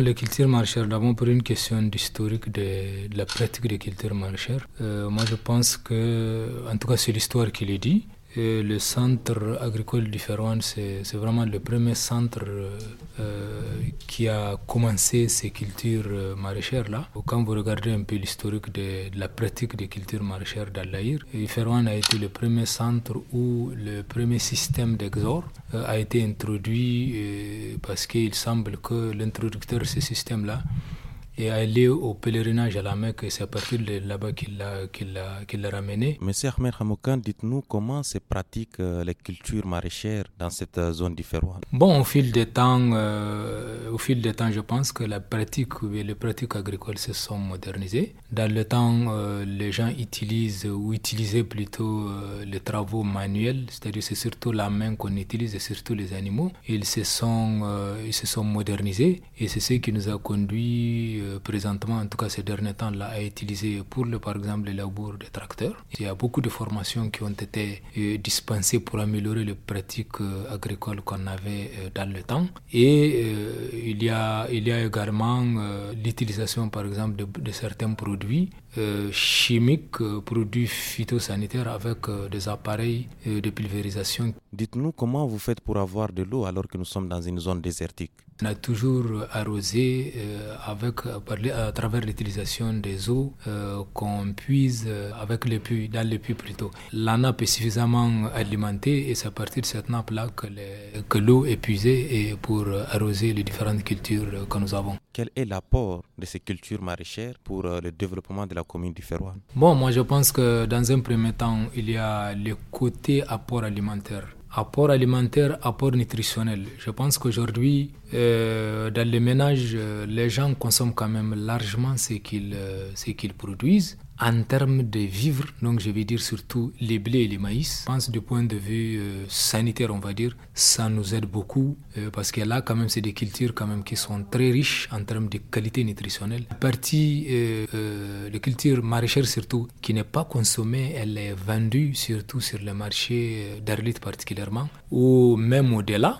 La culture maraîchère, d'abord pour une question d'historique de, la pratique de culture maraîchère, euh, moi je pense que, en tout cas c'est l'histoire qui le dit, le centre agricole du Ferroan, c'est vraiment le premier centre euh, qui a commencé ces cultures euh, maraîchères-là. Quand vous regardez un peu l'historique de, la pratique des cultures maraîchères dans laïr euh, Ferwan a été le premier centre où le premier système d'exor euh, a été introduit parce qu'il semble que l'introducteur de ce système-là et aller au pèlerinage à la Mecque. C'est à partir de là-bas qu'il l'a qu'il ramené. Monsieur Ahmed Hamoukan, dites-nous comment se pratiquent euh, les cultures maraîchères dans cette euh, zone différente. Bon, au fil des temps, euh, au fil des temps, je pense que la pratique les pratiques agricoles se sont modernisées. Dans le temps, les gens utilisent ou utilisaient plutôt les travaux manuels, c'est-à-dire c'est surtout la main qu'on utilise et surtout les animaux. Ils se sont, ils se sont modernisés et c'est ce qui nous a conduit euh, présentement, en tout cas ces derniers temps-là, à utilisé pour, le, par exemple, les labours des tracteurs. Il y a beaucoup de formations qui ont été euh, dispensées pour améliorer les pratiques euh, agricoles qu'on avait dans le temps. Et il, y a, il y a également l'utilisation, par exemple, de, certains produits chimiques, produits phytosanitaires avec des appareils de pulvérisation. Dites-nous comment vous faites pour avoir de l'eau alors que nous sommes dans une zone désertique. On a toujours arrosé avec parler à travers l'utilisation des eaux euh, qu'on puise euh, avec les puits, dans les puits plutôt. La nappe est suffisamment alimentée et c'est à partir de cette nappe-là que l'eau est puisée et pour arroser les différentes cultures euh, que nous avons. Quel est l'apport de ces cultures maraîchères pour le développement de la commune du Ferrois Bon, moi je pense que dans un premier temps, il y a le côté apport alimentaire apport alimentaire, apport nutritionnel. Je pense qu'aujourd'hui, euh, dans les ménages, euh, les gens consomment quand même largement ce qu'ils euh, produisent. En termes de vivres, donc je vais dire surtout les blés et les maïs. Je pense du point de vue euh, sanitaire, on va dire, ça nous aide beaucoup euh, parce que là, quand même, c'est des cultures quand même qui sont très riches en termes de qualité nutritionnelle. La partie euh, de culture maraîchère surtout qui n'est pas consommée, elle est vendue surtout sur le marché d'Arlit particulièrement ou même au-delà.